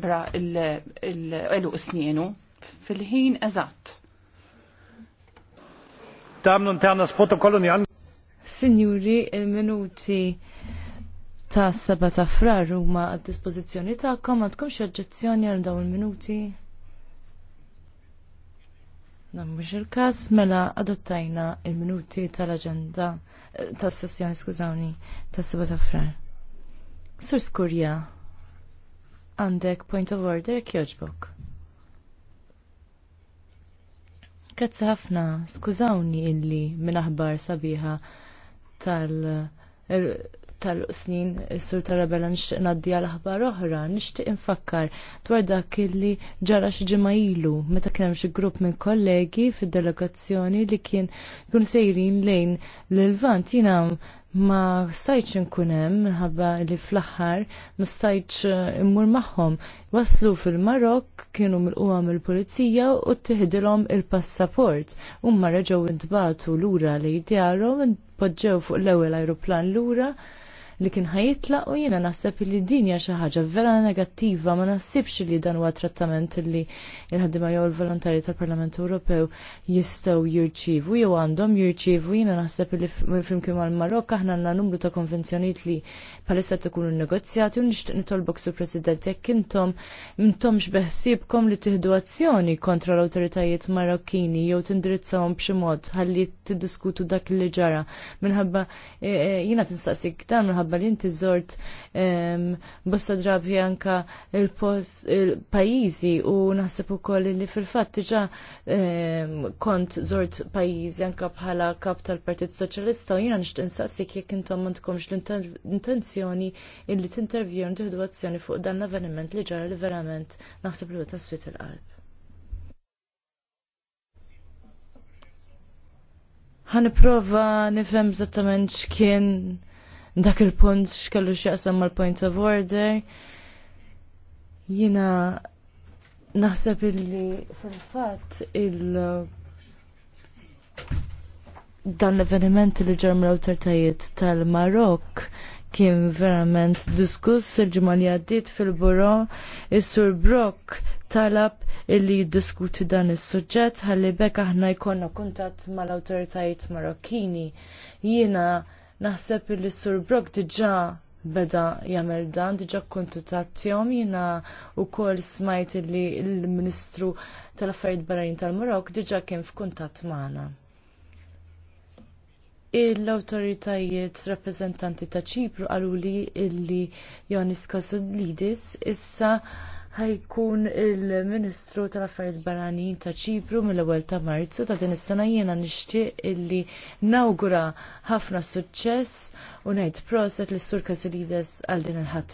bra il-elu snienu fil-ħin eżatt. Tamnu n tana s-protokollu njan. Signori, il-minuti ta' seba ta' frar huma għad dispożizzjoni tagħkom għandkom xi oġġezzjoni għal dawn il-minuti. Dan mhux il-każ mela adottajna il-minuti tal-aġenda eh, tas-sessjoni skużawni tas seba ta' frar. Sur Skurja, Għandek point of order kjoġbok. Grazzi ħafna, skużawni illi minn aħbar sabiħa tal- er, tal-snin sur tarabella nixtieq naddi għal ħbar oħra, nixtieq infakkar dwar dak li ġara xi ġimgħa ilu meta kien hemm xi grupp minn kollegi fid-delegazzjoni li kien jkun sejrin lejn l levant jina ma stajċ nkunem minħabba li fl-axħar ma eh, immur maħħom. Waslu fil-Marok kienu mil-qwa mil pulizija u t-tihdilom il-passaport. Umma reġgħu intbatu lura li djarhom, podġew fuq l-ewwel ajruplan lura. ura li kien ħajitlaq u jiena naħseb li din hija xi ħaġa vera negattiva ma naħsibx li dan huwa trattament li il-ħaddiema jew il-volontari tal-Parlament Ewropew jistgħu jirċievu jew għandhom jirċievu jiena naħseb li flimkien mal-Marokk aħna għandna numru ta' konvenzjonijiet li palissa tkunu negozjati u nixtieq nitolbok su President jekk intom intomx beħsiebkom li tieħdu azzjoni kontra l-awtoritajiet Marokkini jew tindirizzahom b'xi mod ħalli tiddiskutu dak li ġara minħabba eh, eh, jiena tinsaqsik dan minħabba minħabba li inti żort bosta drabi anka il-pajjiżi u naħseb ukoll li fil-fatt diġà kont żort pajjiżi anka bħala kap tal-Partit Soċjalista u jiena nixtieq insaqsik jekk intom m'għandkomx l-intenzjoni illi tintervjew tieħdu azzjoni fuq dan l-avveniment li ġara li verament naħseb li huwa svit il-qalb. prova nifhem eżattament x'kien dak il-punt x'kellu x'jaqsam mal-point of order. Jiena naħseb illi fil fat il- dan l-avveniment li ġar mill-awtoritajiet tal marok kien verament diskuss il-ġimgħa li għaddiet fil-buro is-Sur Brock talab illi jiddiskuti dan is-suġġett ħalli bekk aħna jkollna kuntatt mal-awtoritajiet Marokkini. Jiena Naħseb li Sur Brock diġà beda jagħmel dan, diġà kontutattjom jiena wkoll smajt li l-Ministru tal-Affarijiet Barranin tal-Marok diġà kien f'kuntatt magħna. L-awtoritajiet rappreżentanti ta' Ċipru qalu li illi Jonis Kosolidis issa ħajkun il-Ministru tal-Affarijiet Barranin ta' Ċipru mill-ewwel ta' Marzu ta' din is-sena jiena nixtieq illi nawgura ħafna suċċess u ngħid proset l-Sur Kasilides għal din il-ħatra.